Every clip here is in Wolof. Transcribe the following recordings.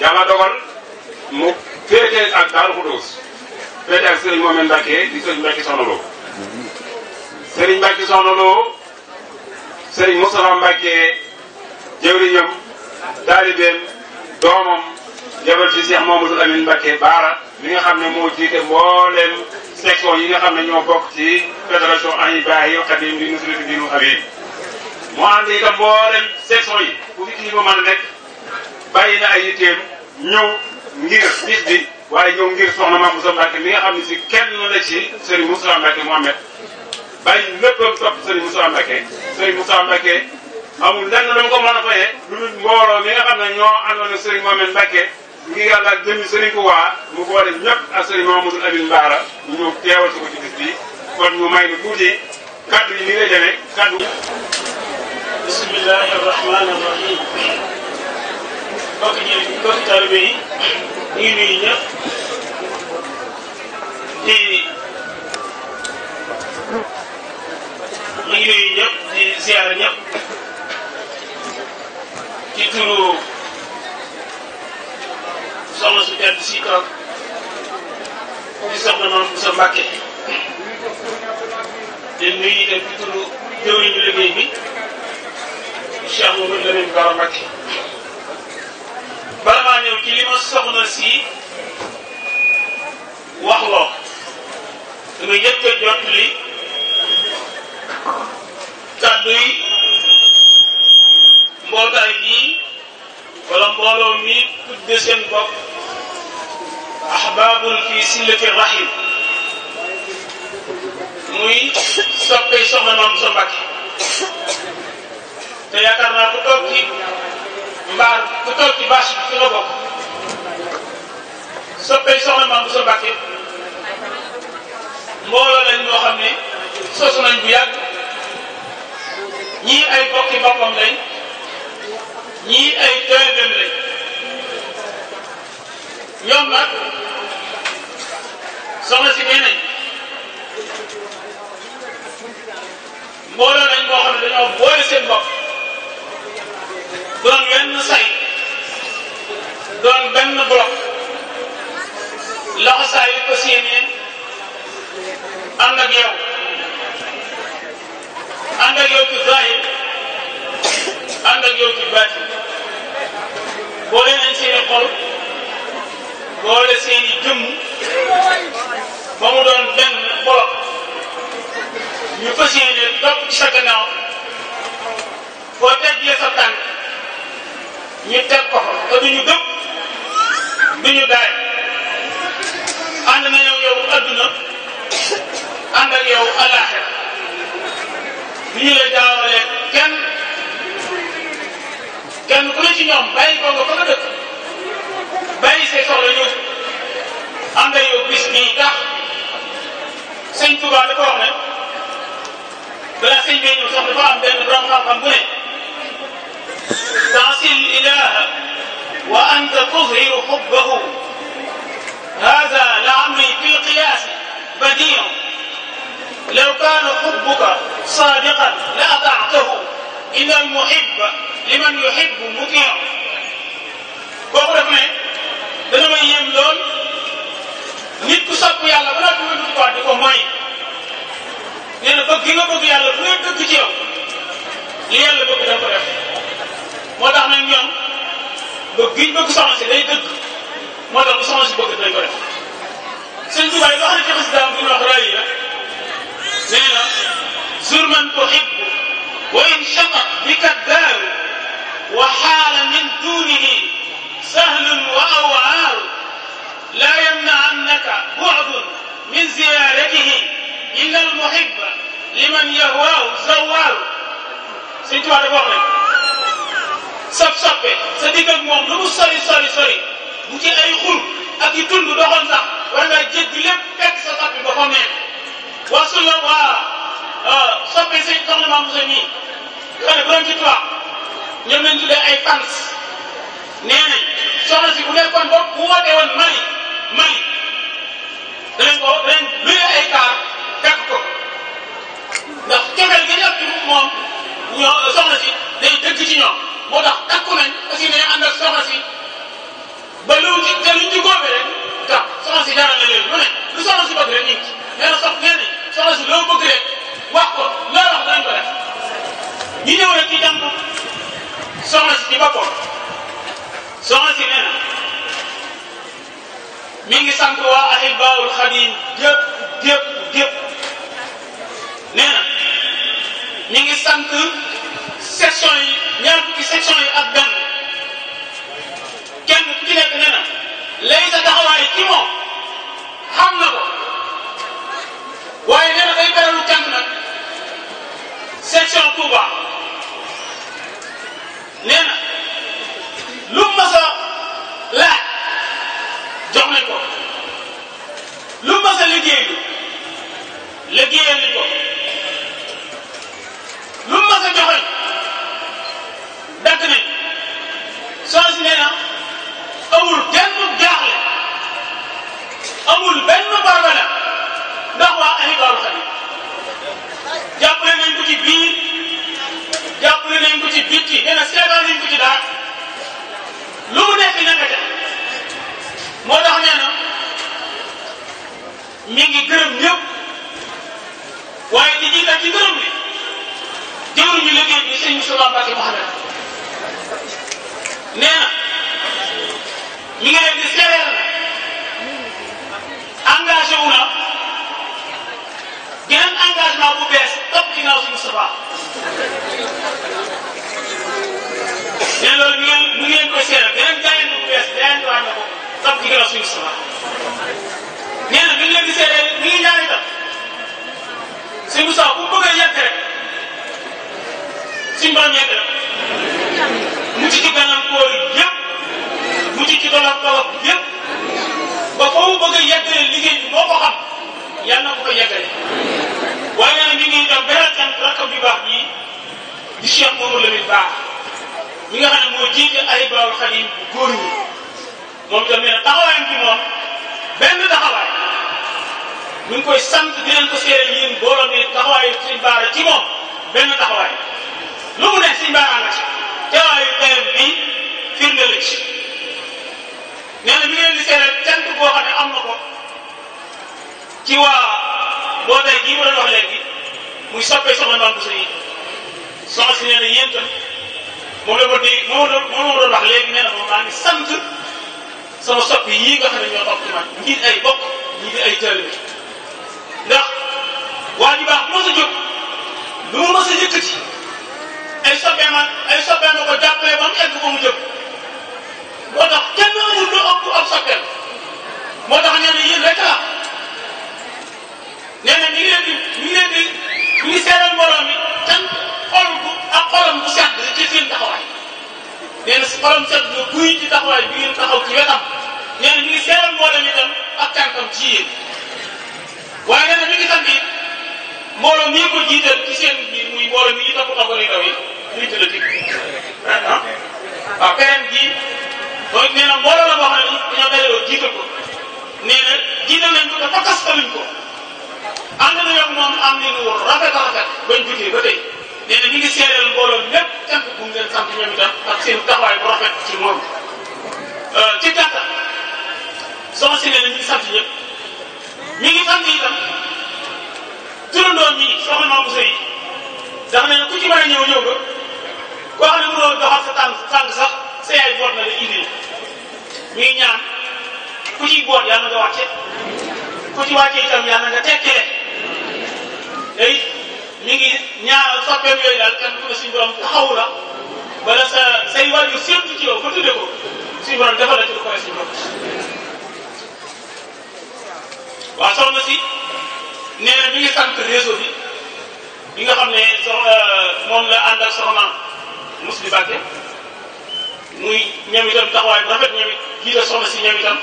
yàlla dogal mu féetee ak Daaru Xudoos féetee ak Serigne Mohamed Mbacke di Serigne Mbacke Soxna Lo Serigne Mbacke Soxna Lo Serigne Moustapha Mbacke jëwriñam taalibeem doomam jabal ci Cheikh Baara mi nga xam ne moo jiite mbooleem section yi nga xam ne ñoo bokk ci fédération Ahibahi baaxi Xadim di Nusrati Dinu Habib mu ànd itam mbooleem section yi ku fi kii ba mën a nekk bàyyi na ay yitteem ñëw ngir nit bi waaye ñëw ngir soxna Mame Moussa Mbacke mi nga xam ne si kenn la ci Serigne Moussa Mbacke Mohamed bàyyi léppam topp Serigne Moussa Mbacke Serigne Moussa Mbacke amul lenn lu mu ko mën a fayee lu dul mbooloo mi nga xam ne ñoo àndoon ak Serigne Mohamed ngi yàlla ak jëmmi Serigne Kouwa mu boole ñëpp ak Serigne Mamadou Mbaara ñu teewal si ko ci bis kon ñu may lu tuuti kaddu yi ni nga demee kaddu. bismillahi rahmani rahim. mbokki jël mbokki taalibe yi ñu ngi nuyu ñëpp di ñu ngi nuyu ñëpp di ziar ñëpp ci turu soxna su tedd si toog di soxna sa Mbàkke di nuyu itam ci turu jëwriñu liggéey bi Cheikh Mouhamadou Lamine Bara Mbàkke bala maa ñëw ci li ma soxna si wax loo dama yëkk a jot li kàddu yi mbootaay bii wala mbooloo mi tudde seen bopp ahbabun fi sillati rahim muy soppay soxna maam sa Mbàkke te yaakaar naa ko toog mbaa ku toog ci bâche bi ci la bokk soppee soxna maam bu sa Mbàkke mbooloo lañ ñoo xam ne sosu nañ bu yàgg ñii ay bokki boppam lañ ñii ay taalibeem lañ ñoom nag soxna si nee nañ mbooloo lañ moo xam ne dañoo boole seen bopp doon wenn say doon benn bloc laxa saa ko séenee ànd ak yow ànd ak yow ci zahir ànd ak yow ci baatin boo leen seen i xol boole seen i jëmm ba mu doon benn topp ci sa gannaaw boo teggee sa tànk ñu teg ko fa te duñu gëm duñu daay ànd na yow yow adduna ànd ak yow alaaxira du ñu la jaawalee kenn kenn ku ne ci ñoom bàyyi ko nga fa nga dëkk bàyyi say soxla ñëw ànd ak yow bis bii tax sëñ Tuubaa dafa wax ne balaa sëñ bi تعصي الإله وأنت تظهر حبه هذا لعمري في القياس بديع لو كان حبك صادقا لأطعته إذا المحب لمن يحب مطيع بغرفني دنما يملون نيت كو سابو يالا بلا كو نيت كو ديكو ماي نينا بغي نغا بغي يالا بلا دك تي moo tax nag ñoom bëgg giñ bëgg soxna si day dëgg moo tax lu soxna si bëgg dañ ko def sëñ tubaay wax na ci xasidaam bu ñu wax rayi la nee na zur man tuhib wa in shaqat bika daaru wa xaala min dunihi sahlun wa awaaru la yamnaannaka bu'dun min ziyaratihi illa al muhibba liman yahwaahu zawaaru sëñ tubaay dafa wax ne sop soppe sa digg ak lu sori sori sori bu ci ay xur a i tund doxoon sax war ngaa jéggi lépp fekk sa soppi ba fa meen wasul la waa euh, soppe sëñ soxna maam Moussa mii nga xam ne borom ci tubaab ñoom ay fans nee nañ soxna si bu nekkoon bopp bu wootee woon mali mali danañ ko danañ luye ay kaar fekk ko ndax cofeel gi ñu ëpp moom ñoo soxna si day dëkk ci ñoom boo tax takku nañ aussi ne ànd ak soxna si ba lu ci te luñ ci góobee rek gaaw soxna si jaral na leen lu ne ngi nee na sox nee na soxna loo bëgg rek wax ko loo wax danañ ko def ñu ñëw rek ci jàmm soxna si ci boppam nee na mi ngi sant waa Ahibbaul Khadim yëpp yëpp yëpp nee na mi ngi sant. section yi ñaar fukki section yi ak benn kenn ku ci nekk nee na lay sa taxawaay ci moom ci biir ci nee na seetaan nañ ko ci daal lu mu nekk ña nga ca moo mi ngi gërëm ñëpp waaye di jiital ci gërëm bi jëwruñu liggéey bi sëñ na mi ngi leen bu bees. topp ginnaaw suñu Moustapha mais loolu ñu ngeen ñu ngeen ko seetal beneen bees jaayante waat na ko topp ginnaaw suñu Moustapha nee na ngi ñaari tam suñu Moustapha ku bëgg a yegg rek suñu borom yegg la mu ci ci gàllankoor yëpp mu ci ci gàllankoor yëpp ba foofu bëgg a liggéey bi moo ko xam yàlla na waaye nag ñu ngi itam beneen sant rakkam ju baax ji di Cheikh Mamadou Lamine Ba mi nga xam ne moo jiite Ahibahil Khadim bu góor ñi moom itam nee na taxawaayam ci moom benn taxawaay ñu koy sant di leen ko seereel yéen booloo ne taxawaayu Sëñ Baara ci moom benn taxawaay lu mu ne Sëñ Baara nga tayam bi firnde la ci nee na ngi leen di seereel cant boo xam ne am na ko waa. mbootaay gii ma doon wax léegi muy soppee soxna Mame Bousso yi soxna si nee na yéen tam moom la ma dégg moom la moom doon wax léegi nee na moom maa ngi sant sama soppi yii nga xam ne ñoo topp ci man ngir ay bokk ñii di ay taalibe ndax waa ji baax bu ma sa jóg lu ma ma sa yëkkati ay soppee man ay soppee ma ko jàppale ba mu egg ko mu jëm moo tax kenn amul lu ëpp ab soppeem moo tax nee na yéen rek la nee na ñu ngi leen di ñu ngi leen di ñu ngi seeral mbooloo mi tant xol bu ak xolam bu sedd ci seen taxawaay nee na si xolam sedd na guy ci taxawaay bi ngeen taxaw ci wetam nee na ñu ngi seeral mbooloo mi tam ak tànkam ci yéen waaye nee na ñu ngi sant it mbooloo mi ko jiital ci seen biir muy mbooloo mi ñu topp toppatoo ndaw yi muy tëddati ah waaw keneen bii loolu nee na mbooloo la boo xam ne dañoo dajaloo jiital ko nee na jiital nañ ko te fakkas ko ko. ànd na yow moom am nañ lu rafet a rafet bañ jugee ba tey mi na ñu ngi seedeel mbooloo lépp sant bu mu leen sant ñoom itam ak seen taxawaay bu rafet ci moom. Euh, ci gàttal soxna si nee na ñu ngi sant mi ngi sant itam turandoom yi soxna Maodo Seye ndax nee na ku ci mën a ñëw ñëw ba koo ne mu doon doxal sa tànk tànk sax sa yaay boot na la indi mi ngi ñaan ku ciy boot yàlla nga wàcce ku ci wàcce itam yàlla nga te mu ngi ñaar soppeem yooyu daal kenn ku ba tuddee ko suñu borom defal la ci lu koy suñu borom. si nee na mi ngi sant réseau bi bi nga xam ne sox euh, moom la ànd ak soxna Moussa Di Bakke muy ñoom taxawaay bu rafet ñoom it jiite soxna si ñoom itam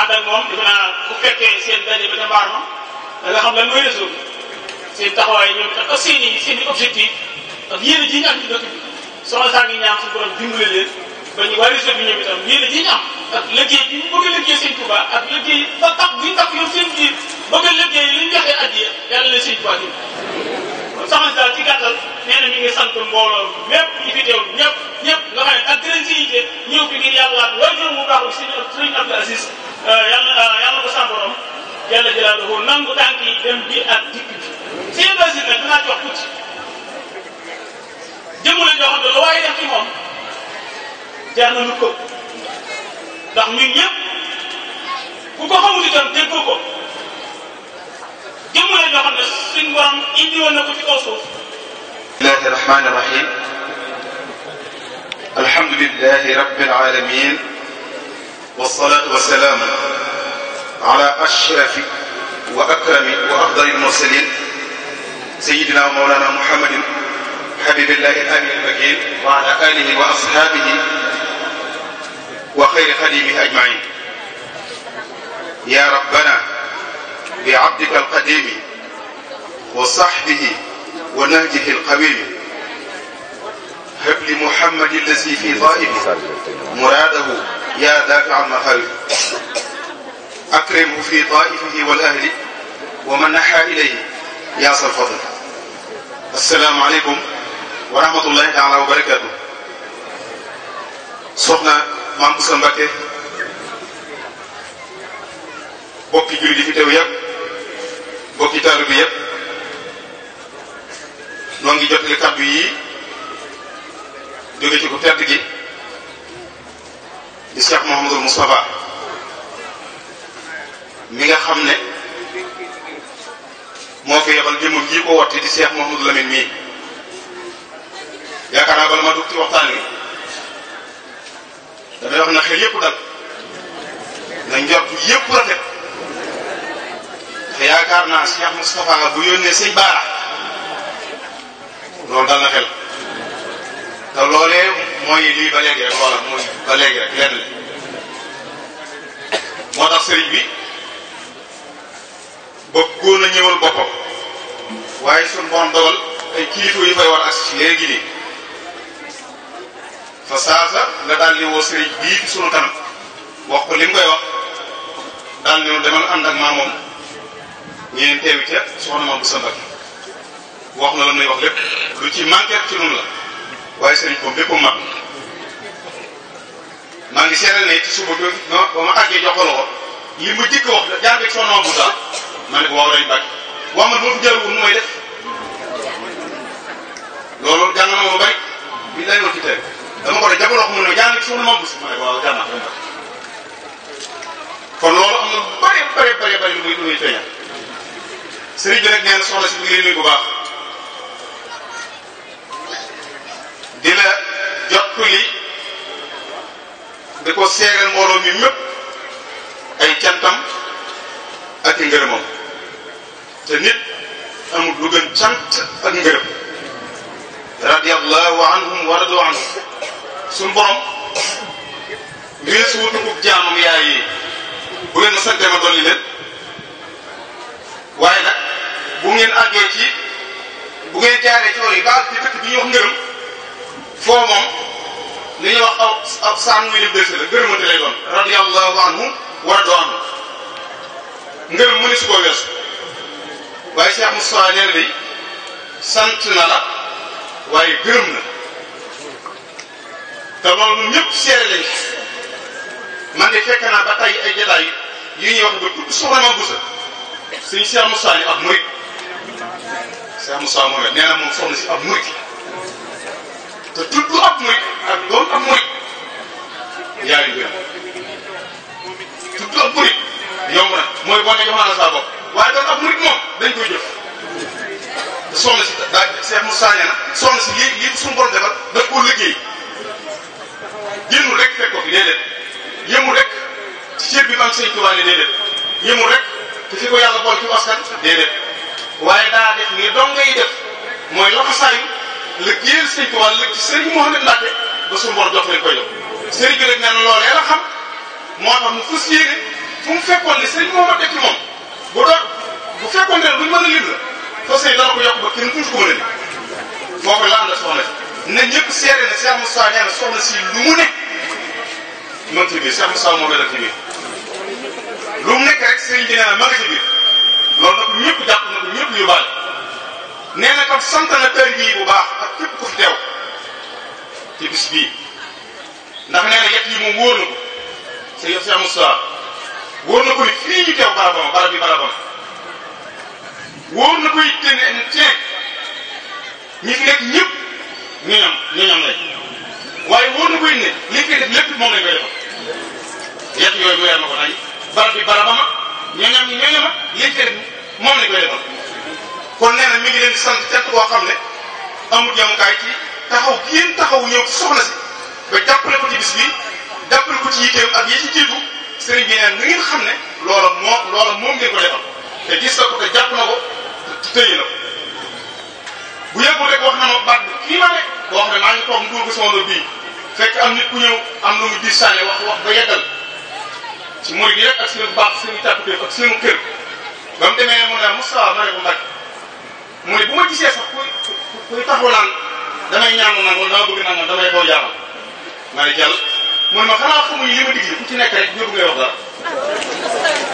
ànd ak moom defe naa fekkee seen daje bi te mbaar ma da xam lan mooy réseau seen taxawaay ñoom itam ak seen i seen i objectif ak yéen ji ñu am ci dëkk bi soxna saa ngi ñaan suñu borom dimbale leen ñu warise bi ñoom itam ak liggéey bi ñu bëgg a liggéey seen Tuuba ak liggéey ba tax bi tax yow seen biir bëgg a liggéey li ñu joxee addiya yàlla leen seen Tuuba kon soxna daal ci gàttal nee na mi ngi sant mbooloo mépp ñi fi teew ñëpp ñëpp nga xam ne ak gënañ si yitte ñëw fi ngir yàlla way jor mu baaxul si sëriñ Abdou Aziz yàlla yàlla ko sàmborom yàlla jëlaat nangu tànk yi seen basir nag dinaa ci wax tuuti jëmu la joo xam ne lu waaye def ci moom jar na lu ko ndax ñun ñëpp ku ko xamul itam déggoo ko jëmu la joo xam ne suñ borom indi woon na ko ci kaw suuf الله الرحمن الرحيم الحمد لله رب العالمين والصلاة والسلام على أشرف وأكرم وأفضل المرسلين سيدنا ومولانا محمد حبيب الله الامين المجيد وعلى اله واصحابه وخير خديمه اجمعين يا ربنا بعبدك القديم وصحبه ونهجه القويم هب لمحمد الذي في ضائبه مراده يا دافع المخاوف أكرمه في طائفه والأهل ومن نحى إليه يا صلى الفضل asalaamaaleykum wa rahmatullahi taala wa soxna maam Bousso bokki jullit yi fi teew yëpp bokki taalu bi yëpp noo ngi jotali kàddu yi jóge ci ku tedd gi di Cheikh Mouhamadul Moustapha nga xam ne moo fi yebal jëmm jii ko wotti di Cheikh Mouhamadou Lamine mii yaakaar naa bala ma dugg ci waxtaan wi dafay wax na xel yëpp dal na njort yëpp rafet te yaakaar naa Cheikh Moustapha bu yónnee sëñ Baara loolu dal na xel te loolee mooy lii ba léegi rek loola mooy ba léegi rek lenn moo tax sëriñ bi. bëggoon a ñëwal boppam waaye suñu borom dogal ay kilifa yu fay war ak léegi nii la daal di woo sëriñ bii fi sunu wax ko li mu koy wax daal di demal ànd ak maamoom ñeen teewi ca soxna maam bu sa wax na la muy wax lépp lu ci manqué ci nun la waaye sëriñ boobu lépp mat maa ngi seeral ne ci suba bi ma ba ma àggee jox ko li mu jëkk wax jaarale ci soxna maam bu ma ne ko waaw day bàq waaw man nu may def loolu jàng bi lay wax ci tey ko def jamono xam ne jàng na ci suñu ko waaw jàng naa kon loolu am bari bari bari bari muy lu muy feeñal sëriñ bi rek nee na soxna si bu ngeen bu baax di la jottali di ko seegal mbooloo mi mépp ay cantam ak i ngërëmam amul lu gën cant ak ngërëm radiyallahu anhum wa radu anhum suñu borom weesuwul jaamam yaay yi bu leen ma sante ma dolli leen waaye nag bu ngeen àggee ci bu ngeen jaaree ci wàllu baax ci dëkk bi ñuy wax ngërëm foo moom li ñuy wax aw aw saan muy def dese la ngërëmante lay doon radiyallahu anhum wa radu anhum ngërëm su ko weesu waaye Cheikh Moustapha nee na na la waaye gërëm na te loolu ñun ñëpp seere lañ man de fekk naa ba tey ay jotaay yi ñuy wax ba tudd soxna ma Busa suñu Cheikh Moustapha ni ab murit Cheikh nee na moom soxna si ab murit te tudd ab murit ak doon ab murit yaa ngi gërëm tudd ab murit yomb na mooy boo ne jox naa waaye doon dañ daa Cheikh Moussa Niana soxna si lii lii suñu borom defal da koo liggéey jënul rek fekk ko fi déedéet yëmul rek ci cër bi am sëñ Tuubaa ne déedéet yëmul rek ci fi ko yàlla bool ci waskan déedéet def ni fa saayu liggéey sëriñ Mouhamed Mbacke ba suñu borom jox lañ koy jox sëriñ bi nag nee na loolee la xam moo tax mu fas fu mu fekkoon ne sëriñ Mouhamed def ci moom bu doon bu fekkoon ne luñ mën a lim la fas yi dana ko yokk ba kenn duñ ko mën a lim foofu la am la soxna si ne ñëpp seere ne Cheikh Moussa nee na soxna si lu mu nekk mën ci biir moo gën a ci biir lu mu nekk rek sëriñ bi wóor na koy génne ne ceeb ñi fi nekk ñëpp waaye wóor na koy ne li fi def lépp moom lañ koy defal yett yooyu mu ma ko nañ barab bi baraba ma ñooñam ñi ñooñama liñ fi def moom lañ koy defal kon nee na mi ngi leen di sant cant boo xam ne amul yamukaay ci taxaw gi ngeen taxaw ñëw si ba jàppale ko ci bis bi ak yi ci jiitu sëriñ bi xam ne loola moo loola moom ngeen ko defal te gis na ko te jàpp na ko téye na ko bu yëgul rek wax na ma baat bi kii ma ne boo xam ne maa ngi toog mu dugal ko sama bii fekk am nit ku ñëw am lu mu di sànni wax wax ba yeggal ci murid yi rek ak seen baax seen càkkutéef ak seen kër ba mu demee mu ne Moustapha ma ne ko mu ne bu ma gisee sax kuy kuy taxaw naan damay ñaanu naan wala dama bëgg naan damay koo jaaral ma ne jàll mu ci nekk rek ñëpp ngay wax dara.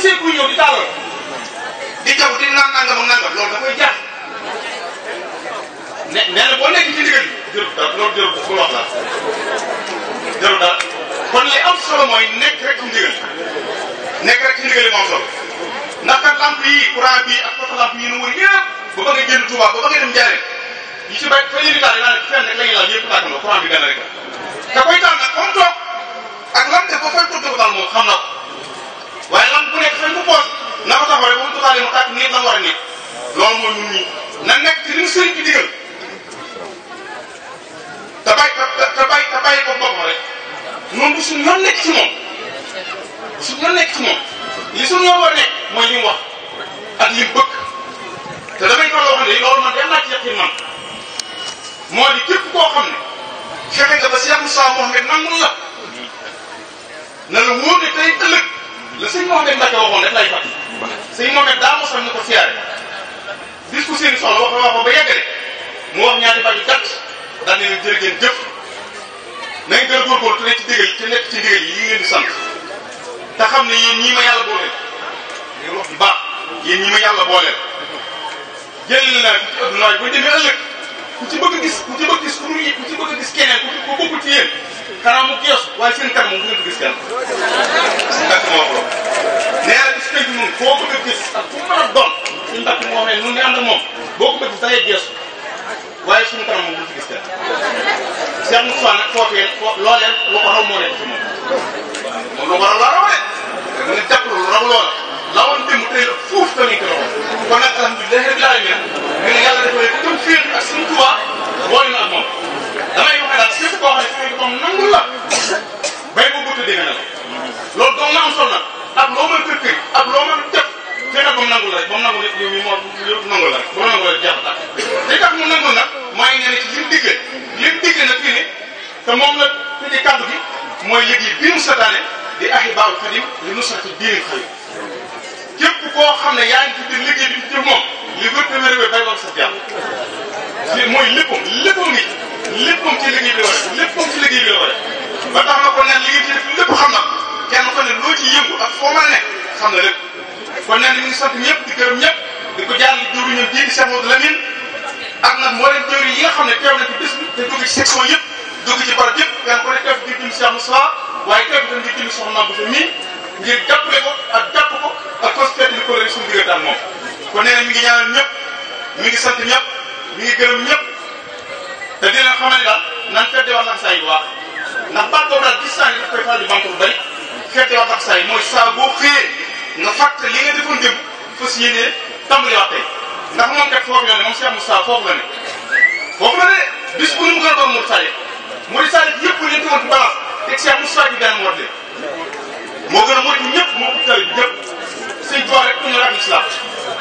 gisee kuy ñëw di taalal di jaw di naan nangam ak nangam loolu da koy jaax ne nee na boo nekk ci ndigal bi jërëjëf daal ah, loolu jërëjëf bu wax la jërëjëf daal kon li am solo mooy nekk rek ci yi courant bi ak poto lamp yi nu wër yëpp ba ba nga génn Touba yi ci bëri fa yëngu daal dinaa ne fenn rek la ñuy laal yëpp tàkk na taal nag comme toog ak lam def ba fay toog daal moom xam na poos na ko taxaw rek ba mu tuxaale mu nii la mu war a nekk loolu mooy ñun ñii na nekk ci li mu sëriñ bi digal te bàyyi te bàyyi te bàyyi ko boppam rek moom bu suñu yoon nekk ci moom bu suñu nekk ci moom li suñu yoon war a nekk mooy li mu bëgg te damay tolloo xam ne loolu man dem naa ci yaqin man moo di képp koo xam ne fexe nga ba Cheikh Moussa Mouhamed nangul la na la ne tey ëllëg. la sëñ Mouhamed Mbacke waxoon def lay fàtt sëñ Mouhamed daa mosam ni ko siyaare bis ku seen soxla wax wax ba yeggale mu wax ñaari bàcc gàtt daan ne leen jërë ngeen jëf na ngeen gën a góorgóorlu te nekk ci ndigal te nekk ci ndigal yi ngeen di sant te xam ne yéen ñii ma yàlla booleel ngeen wax ju baax yéen ñii ma yàlla booleel jël naa ci addunaay bu demee ëllëg ku ci bëgg gis ku ci bëgg gis ku ci bëgg gis keneen ku ci ko bokkul ci yéen xanaa mu kiosu waaye seen kanam moom bu ngeen ko gis kenn mbàkk moo ko nee na gis nañ ñun foo mu mën a doon suñu mbàkk moo ne ñun ñu ànd ak moom boo ko bëgg gis da ngay geesu waaye suñu kanam moom bu ngeen ko gis kenn Cheikh Moussa nag foofee loolee lu ko raw moo nekk ci moom mu ngi jàpp lu raw loola la woon démb tey la fuuf tamit ko raw kon nag alhamdulilah rabbil alamin ñu ne yàlla koo xam ne fi muy doon nangul la bay bu gudd dégg na la loolu doon na am solo nag ak loo mën kër kër ak loo mën def fii nag ba mu nangul la rek ba mu nangul yow mii moom yëpp la rek ba mu nangul rek jeex na li tax mu nangul nag mooy nga ne ci lim diggee lim diggee nag fii ne te moom la fi ci kàddu gi mooy yëg yi biiru sataane di ahibaaru xadim li nusrati diinil xadim képp koo xam ne yaa ngi ci liggéey bi ci moom li te wér bay woon sa jàmm mooy léppam léppam ngi ba tax na kon nag li ngeen ci lépp xam na kenn ku ne loo ci yëngu ak foo mën a xam na lépp kon nag ñu ngi sant ñëpp di di te dugg ci section yëpp ci barab yëpp kenn ku ne teew di jëm Cheikh Moussa waaye teew itam di jëm soxna bu fa mii ngir jàppale ko ak jàpp ko ak na gërëm ñëpp te di leen xamal daal nan fedde wax ak saa yu baax ndax bantoo daal gis naa ne daf koy faral di bantoo lu bëri fekk yow ak saa yi mooy saa boo xëyee nga fàtte li nga defoon démb fas yéenee tàmbaliwaat tey ndax moom kat foofu la ne moom Cheikh Moussa foofu la ne foofu la ne bis bu nu mu gën a doon Mourid Sadiq Mourid Sadiq yëpp leen tegoon ci balance teg Cheikh Moussa ci benn Mourid moo gën a Mourid ñëpp moo ko tëral ñëpp sëñ Tuubaa rek ku ñu ràññee